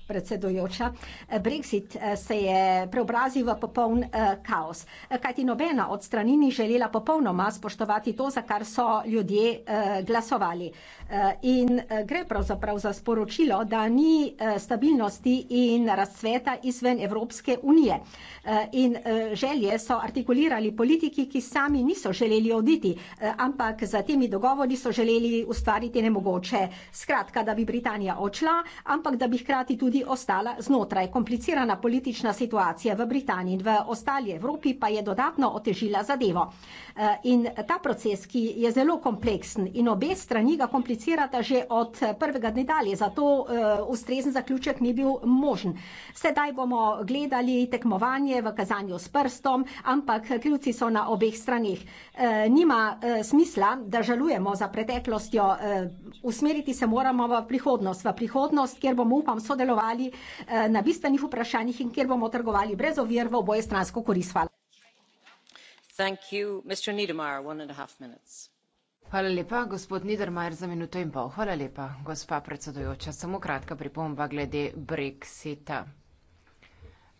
predsedujoča. Eh, Brexit eh, se je preobrazil v popoln eh, kaos, kajti nobena od strani ni želela popolnoma spoštovati to, za kar so ljudje glasovali. In gre pravzaprav za sporočilo, da ni stabilnosti in razcveta izven Evropske unije. In želje so artikulirali politiki, ki sami niso želeli oditi, ampak za temi dogovori so želeli ustvariti nemogoče. Skratka, da bi Britanija odšla, ampak da bi hkrati tudi ostala znotraj. Komplicirana politična situacija v Britaniji in v ostali Evropi pa je dodatno otežila zadevo. Eh, in ta proces, ki je zelo kompleksen in obe strani ga komplicirata že od prvega dne dalje, zato eh, ustrezen zaključek ni bil možen. Sedaj bomo gledali tekmovanje v kazanju s prstom, ampak krivci so na obeh stranih. Eh, nima smisla, da žalujemo za preteklostjo, usmeriti se moramo v prihodnost, v prihodnost, kjer bomo upam sodelovali trgovali eh, na bistvenih vprašanjih in kjer bomo trgovali brez ovir v obojestransko korist. Hvala. Hvala lepa, gospod Niedermayer, za minuto in pol. Hvala lepa, gospa predsedujoča. Samo kratka pripomba glede brexita.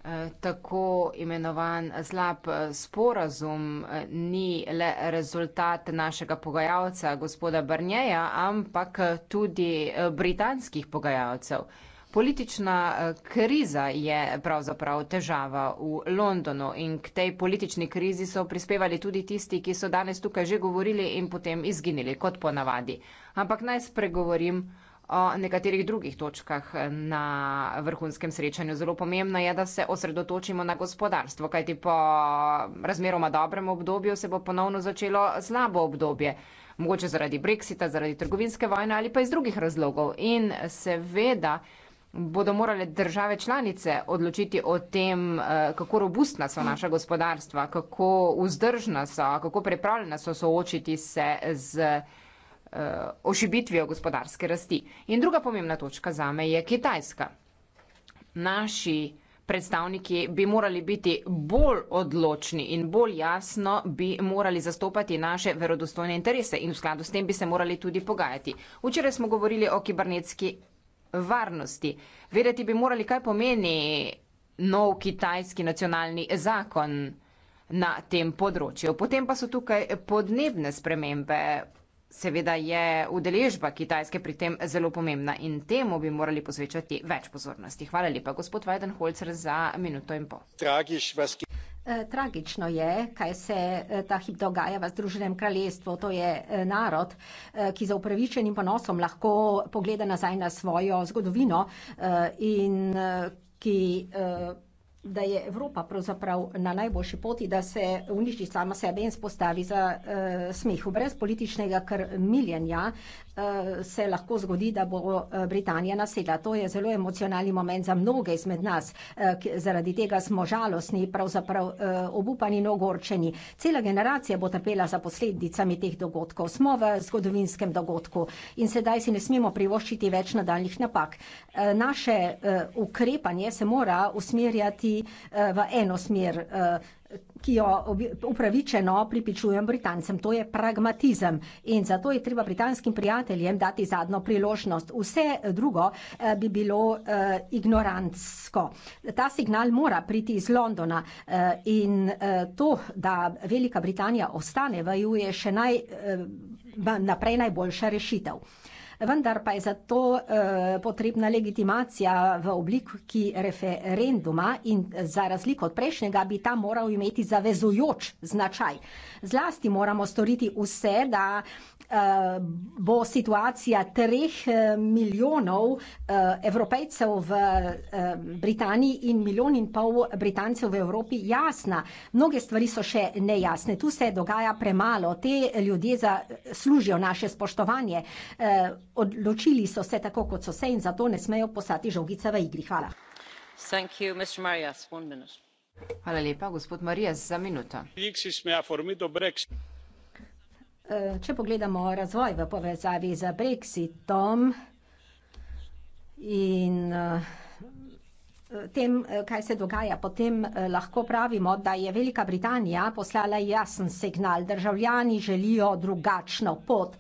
Eh, tako imenovan slab eh, sporazum ni le rezultat našega pogajalca, gospoda Barnjeja, ampak tudi britanskih pogajalcev. Politična eh, kriza je pravzaprav težava v Londonu in k tej politični krizi so prispevali tudi tisti, ki so danes tukaj že govorili in potem izginili, kot ponavadi. Ampak naj spregovorim o nekaterih drugih točkah na vrhunskem srečanju. Zelo pomembno je, da se osredotočimo na gospodarstvo, kajti po razmeroma dobrem obdobju se bo ponovno začelo slabo obdobje. Mogoče zaradi Brexita, zaradi trgovinske vojne ali pa iz drugih razlogov. In seveda, bodo morale države članice odločiti o tem, eh, kako robustna so naša gospodarstva, kako vzdržna so, kako pripravljena so soočiti se z eh, ošibitvijo gospodarske rasti. In druga pomembna točka za me je Kitajska. Naši predstavniki bi morali biti bolj odločni in bolj jasno bi morali zastopati naše verodostojne interese in v skladu s tem bi se morali tudi pogajati. Včeraj smo govorili o kibernetski varnosti. Vedeti bi morali, kaj pomeni nov kitajski nacionalni zakon na tem področju. Potem pa so tukaj podnebne spremembe. Seveda je udeležba Kitajske pri tem zelo pomembna in temu bi morali posvečati več pozornosti. Hvala lepa, gospod Weidenholzer, za minuto in pol. Tragiš, Eh, tragično je, kaj se eh, ta hip dogaja v Združenem kraljestvu. To je eh, narod, ki za upravičenim ponosom lahko pogleda nazaj na svojo zgodovino in ki da je Evropa pravzaprav na najboljši poti, da se uniči sama sebe in spostavi za uh, smehu. Brez političnega krmiljenja uh, Eh, se lahko zgodi, da bo eh, Britanija nasedla. To je zelo emocionalni moment za mnoge izmed nas. Eh, zaradi tega smo žalostni, pravzaprav obupani in ogorčeni. Cela generacija bo trpela za posledicami teh dogodkov. Smo v zgodovinskem dogodku in sedaj si ne smemo privoščiti več nadaljnih napak. Naše ukrepanje se mora usmerjati v eno smer ki jo upravičeno pripičujem Britancem, to je pragmatizem. In zato je treba britanskim prijateljem dati zadnjo priložnost. Vse drugo eh, bi bilo eh, ignorantsko. Ta signal mora priti iz Londona eh, in to, da Velika Britanija ostane v EU, je še naj, naprej najboljša rešitev vendar pa je za to eh, potrebna legitimacija v obliki referenduma in eh, za razliko od prejšnjega bi ta moral imeti zavezujoč značaj. Zlasti moramo storiti vse, da Eh, bo situacija treh eh, milijonov eh, evropejcev v Britaniji in milijon in pol Britancev v Evropi jasna. Mnoge stvari so še nejasne, tu se dogaja premalo, te ljudje zaslužijo naše spoštovanje. Odločili so se tako, kot so se in zato ne smejo postati žogica v igri. Hvala. Thank you, Mr. Marias, one minute. Hvala lepa, gospod Marijas, za minuto. Eh, če pogledamo razvoj v povezavi z Brexitom in eh, tem, eh, kaj se dogaja, potem lahko pravimo, da je Velika Britanija poslala jasen signal. Državljani želijo drugačno pot.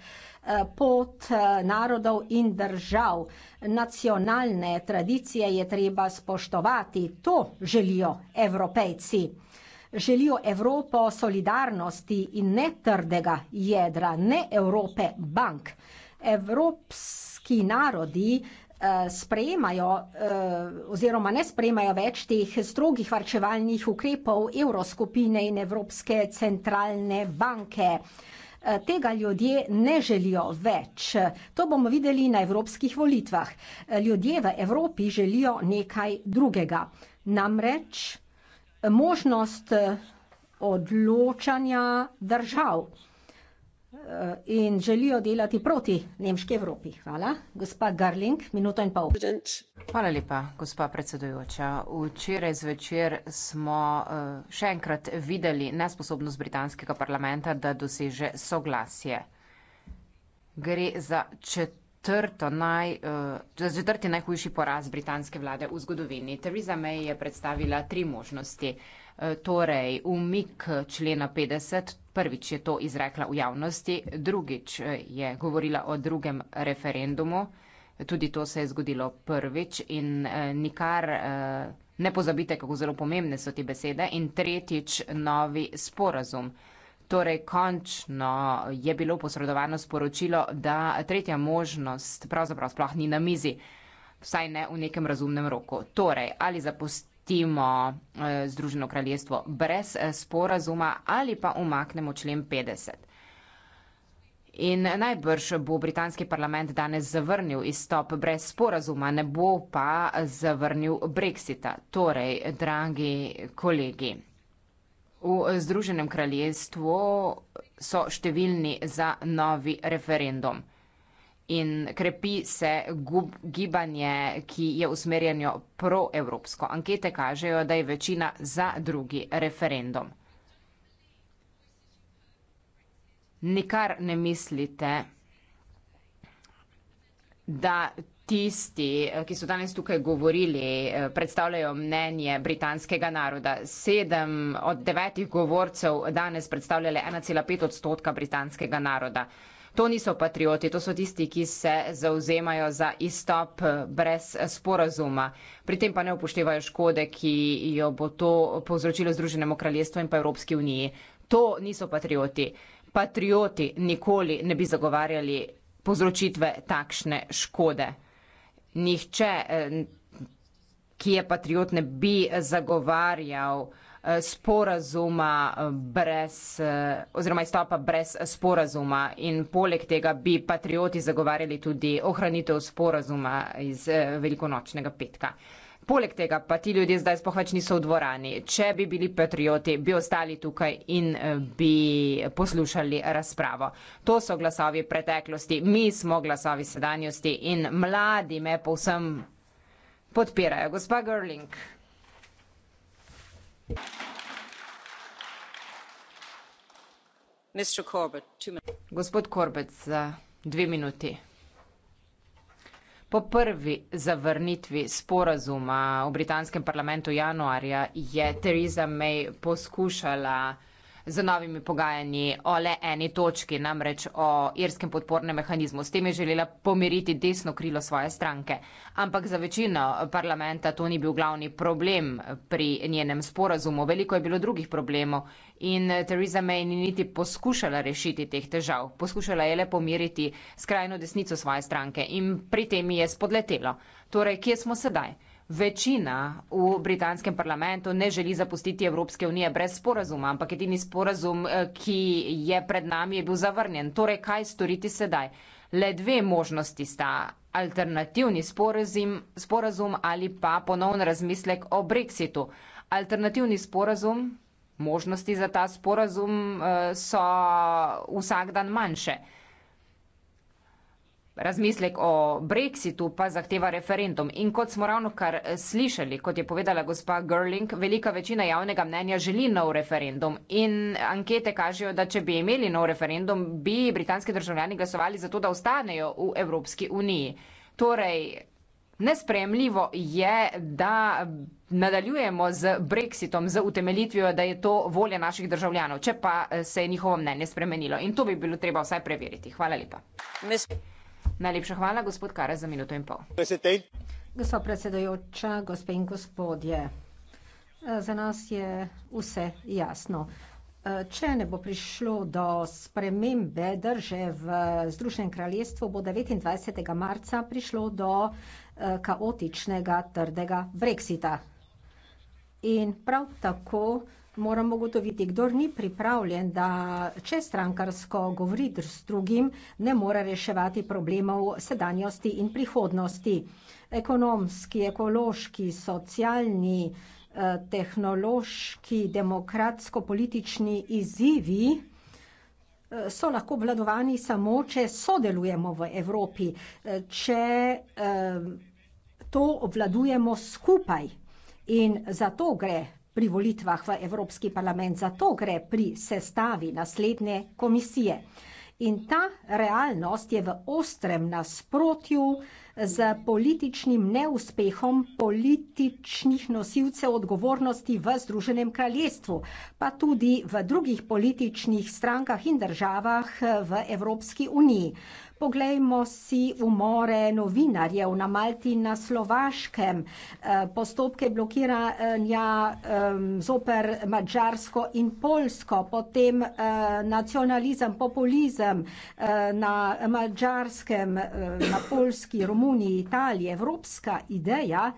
Pot narodov in držav, nacionalne tradicije je treba spoštovati. To želijo evropejci želijo Evropo solidarnosti in ne trdega jedra, ne Evrope bank. Evropski narodi eh, sprejemajo eh, oziroma ne sprejemajo več teh strogih varčevalnih ukrepov Evroskupine in Evropske centralne banke. Eh, tega ljudje ne želijo več. To bomo videli na evropskih volitvah. Ljudje v Evropi želijo nekaj drugega. Namreč možnost eh, odločanja držav eh, in želijo delati proti Nemški Evropi. Hvala. Gospa Garling, minuto in pol. Hvala lepa, gospa predsedujoča. Včeraj zvečer smo eh, še enkrat videli nesposobnost britanskega parlamenta, da doseže soglasje. Gre za četrto četrto naj, uh, eh, za četrti najhujši poraz britanske vlade v zgodovini. Theresa May je predstavila tri možnosti. Eh, torej, umik člena 50, prvič je to izrekla v javnosti, drugič eh, je govorila o drugem referendumu, tudi to se je zgodilo prvič in nikar ne pozabite, kako zelo pomembne so te besede, in tretjič novi sporazum. Torej, končno je bilo posredovano sporočilo, da tretja možnost pravzaprav sploh ni na mizi, vsaj ne v nekem razumnem roku. Torej, ali zapustimo eh, Združeno kraljestvo brez eh, sporazuma ali pa umaknemo člen 50. In najbrž bo britanski parlament danes zavrnil izstop brez sporazuma, ne bo pa zavrnil Brexita. Torej, dragi kolegi, V eh, Združenem kraljestvu so številni za novi referendum in krepi se gibanje, ki je usmerjeno proevropsko. Ankete kažejo, da je večina za drugi referendum. Nikar ne mislite, da tisti, eh, ki so danes tukaj govorili, eh, predstavljajo mnenje britanskega naroda. Sedem od devetih govorcev danes predstavljale 1,5 odstotka britanskega naroda. To niso patrioti, to so tisti, ki se zauzemajo za izstop eh, brez sporazuma. Pri tem pa ne upoštevajo škode, ki jo bo to povzročilo Združenemu kraljestvu in pa Evropski uniji. To niso patrioti. Patrioti nikoli ne bi zagovarjali povzročitve takšne škode nihče, eh, ki je patriot, ne bi zagovarjal eh, sporazuma eh, brez, oziroma izstopa brez sporazuma in poleg tega bi patrioti zagovarjali tudi ohranitev sporazuma iz velikonočnega petka. Poleg tega pa ti ljudje zdaj spohač niso v dvorani. Če bi bili patrioti, bi ostali tukaj in eh, bi poslušali razpravo. To so glasovi preteklosti, mi smo glasovi sedanjosti in mladi me povsem podpirajo. Gospa Gerling. Gospod Korbec, dve minuti. Po prvi zavrnitvi sporazuma v britanskem parlamentu januarja je Theresa May poskušala z novimi pogajanji o le eni točki, namreč o irskem podpornem mehanizmu. S tem je želela pomiriti desno krilo svoje stranke. Ampak za večino parlamenta to ni bil glavni problem pri njenem sporazumu. Veliko je bilo drugih problemov in Theresa May ni niti poskušala rešiti teh težav. Poskušala je le pomiriti skrajno desnico svoje stranke in pri tem je spodletelo. Torej, kje smo sedaj? Večina v britanskem parlamentu ne želi zapustiti Evropske unije brez sporazuma, ampak edini sporazum, eh, ki je pred nami, je bil zavrnjen. Torej, kaj storiti sedaj? Le dve možnosti sta alternativni sporazim, sporazum ali pa ponovn razmislek o brexitu. Alternativni sporazum, možnosti za ta sporazum eh, so vsak dan manjše. Razmislek o brexitu pa zahteva referendum in kot smo ravno kar eh, slišali, kot je povedala gospa Gerling, velika večina javnega mnenja želi nov referendum in ankete kažejo, da če bi imeli nov referendum, bi britanski državljani glasovali za to, da ostanejo v Evropski uniji. Torej, nespremljivo je, da nadaljujemo z brexitom, z utemelitvijo, da je to volja naših državljanov, če pa eh, se je njihovo mnenje spremenilo in to bi bilo treba vsaj preveriti. Hvala lepa. Mis Najlepša hvala, gospod Kare, za minuto in pol. Gospa predsedojoča, gospe in gospodje, za nas je vse jasno. Če ne bo prišlo do spremembe drže v Združenem kraljestvu, bo 29. marca prišlo do eh, kaotičnega trdega brexita. In prav tako moramo ugotoviti, kdor ni pripravljen, da če strankarsko govori s drugim, ne more reševati problemov sedanjosti in prihodnosti. Ekonomski, ekološki, socialni, eh, tehnološki, demokratsko-politični izzivi eh, so lahko obvladovani samo, če sodelujemo v Evropi, eh, če to obvladujemo skupaj. In za to gre pri volitvah v Evropski parlament. Zato gre pri sestavi naslednje komisije. In ta realnost je v ostrem nasprotju z političnim neuspehom političnih nosilcev odgovornosti v Združenem kraljestvu, pa tudi v drugih političnih strankah in državah v Evropski uniji. Poglejmo si umore novinarjev na Malti in na Slovaškem, eh, postopke blokiranja zoper Mačarsko in Polsko, potem eh, nacionalizem, populizem eh, na Mačarskem, na Polski, Romuniji, Italiji, evropska ideja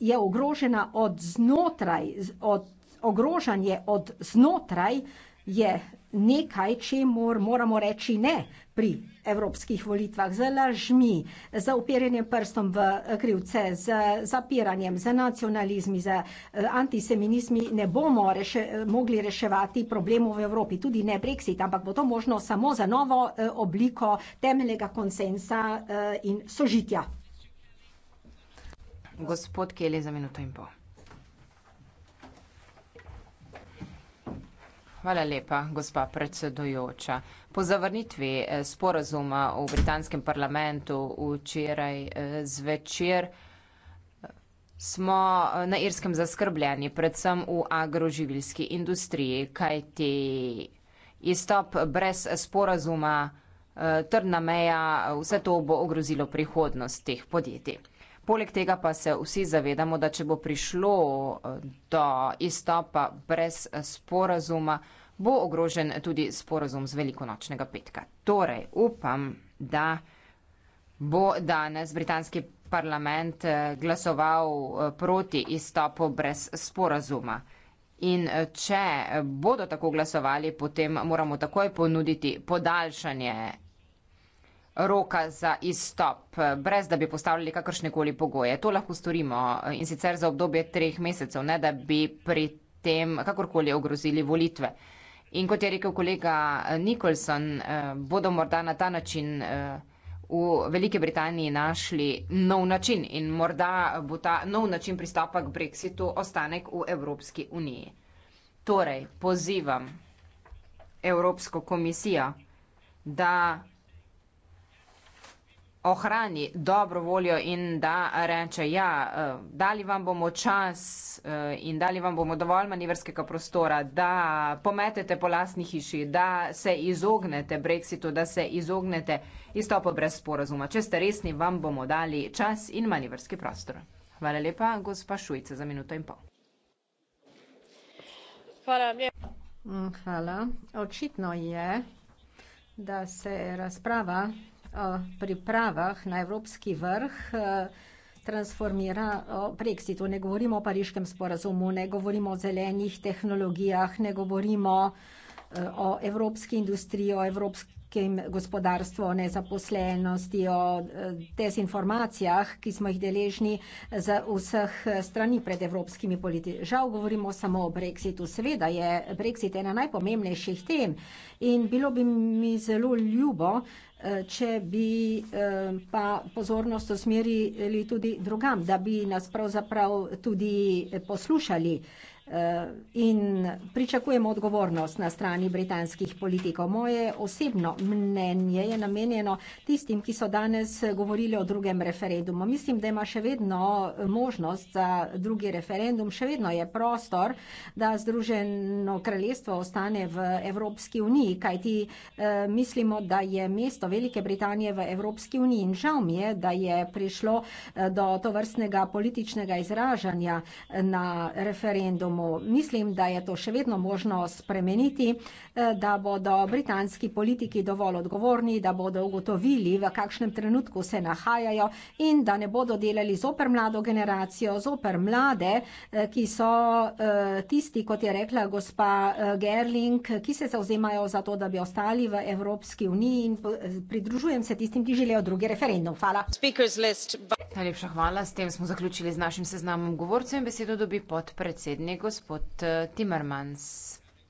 je ogrožena od znotraj, od, ogrožanje od znotraj je nekaj, čemu moramo reči ne pri evropskih volitvah, z lažmi, z upiranjem prstom v krivce, z zapiranjem, z nacionalizmi, z eh, antisemitizmi, ne bomo reše, mogli reševati problemov v Evropi, tudi ne Brexit, ampak bo to možno samo za novo eh, obliko temeljnega konsensa eh, in sožitja. Gospod Kelly za minuto in pol. Hvala lepa, gospa predsedujoča. Po zavrnitvi eh, sporazuma v britanskem parlamentu včeraj eh, zvečer smo eh, na irskem zaskrbljeni, predvsem v agroživilski industriji, kajti izstop brez sporazuma, trdna meja, vse to bo ogrozilo prihodnost teh podjetij. Poleg tega pa se vsi zavedamo, da če bo prišlo eh, do izstopa brez eh, sporazuma, bo ogrožen tudi sporazum z velikonočnega petka. Torej, upam, da bo danes britanski parlament eh, glasoval proti izstopu brez sporazuma. In če bodo tako glasovali, potem moramo takoj ponuditi podaljšanje roka za izstop, brez da bi postavljali kakršne koli pogoje. To lahko storimo in sicer za obdobje treh mesecev, ne da bi pri tem kakorkoli ogrozili volitve. In kot je rekel kolega eh, Nicholson, eh, bodo morda na ta način eh, v Veliki Britaniji našli nov način in morda bo ta nov način pristopa k Brexitu ostanek v Evropski uniji. Torej, pozivam Evropsko komisijo, da ohrani dobro voljo in da reče, ja, eh, dali vam bomo čas eh, in dali vam bomo dovolj manevrskega prostora, da pometete po lastni hiši, da se izognete brexitu, da se izognete izstopu brez sporazuma. Če ste resni, vam bomo dali čas in manevrski prostor. Hvala lepa, gospa Šujca, za minuto in pol. Hvala. Mm, hvala. Očitno je, da se razprava Eh, pripravah na evropski vrh eh, transformira o Brexitu, ne govorimo o pariškem sporazumu, ne govorimo o zelenih tehnologijah, ne govorimo o evropski industriji, o evropskem gospodarstvu, o nezaposlenosti, o e, dezinformacijah, ki smo jih deležni z vseh strani pred evropskimi politiki. Žal govorimo samo o brexitu. Seveda je brexit ena najpomembnejših tem in bilo bi mi zelo ljubo, e, če bi e, pa pozornost usmerili tudi drugam, da bi nas pravzaprav tudi poslušali. Eh, in pričakujemo odgovornost na strani britanskih politikov. Moje osebno mnenje je namenjeno tistim, ki so danes govorili o drugem referendumu. Mislim, da ima še vedno možnost za drugi referendum, še vedno je prostor, da Združeno kraljestvo ostane v Evropski uniji, kajti eh, mislimo, da je mesto Velike Britanije v Evropski uniji in žal mi je, da je prišlo eh, do tovrstnega političnega izražanja na referendum programu. Mislim, da je to še vedno možno spremeniti, eh, da bodo britanski politiki dovolj odgovorni, da bodo ugotovili, v kakšnem trenutku se nahajajo in da ne bodo delali zoper mlado generacijo, zoper mlade, eh, ki so eh, tisti, kot je rekla gospa Gerling, ki se zauzemajo za to, da bi ostali v Evropski uniji in pridružujem se tistim, ki želijo drugi referendum. Hvala. Najlepša hvala. S tem smo zaključili z našim seznamom govorcev in besedo dobi podpredsednik gospod eh, Timmermans,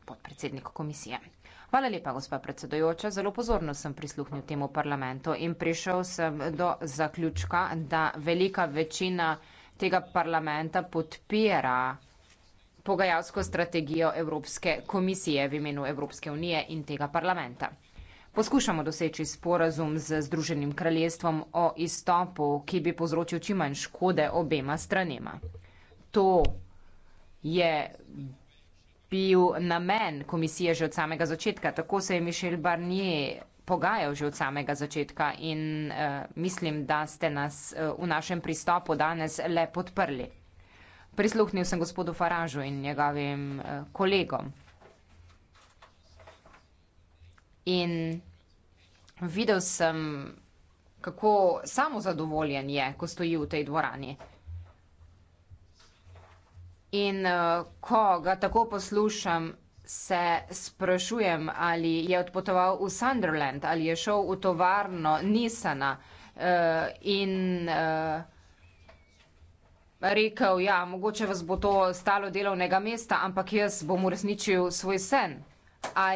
podpredsednik komisije. Hvala lepa, gospa predsedojoča. Zelo pozorno sem prisluhnil temu parlamentu in prišel sem do zaključka, da velika večina tega parlamenta podpira pogajalsko strategijo Evropske komisije v imenu Evropske unije in tega parlamenta. Poskušamo doseči sporazum z Združenim kraljestvom o izstopu, ki bi povzročil čim manj škode obema stranema. To je bil namen komisije že od samega začetka. Tako se je Mišel Barnier pogajal že od samega začetka in uh, mislim, da ste nas uh, v našem pristopu danes le podprli. Prisluhnil sem gospodu Faražu in njegovim uh, kolegom. In videl sem, kako samozadovoljen je, ko stoji v tej dvorani. In uh, ko ga tako poslušam, se sprašujem, ali je odpotoval v Sunderland, ali je šel v tovarno Nisana uh, eh, in uh, rekel, ja, mogoče vas bo to stalo delovnega mesta, ampak jaz bom uresničil svoj sen. Ali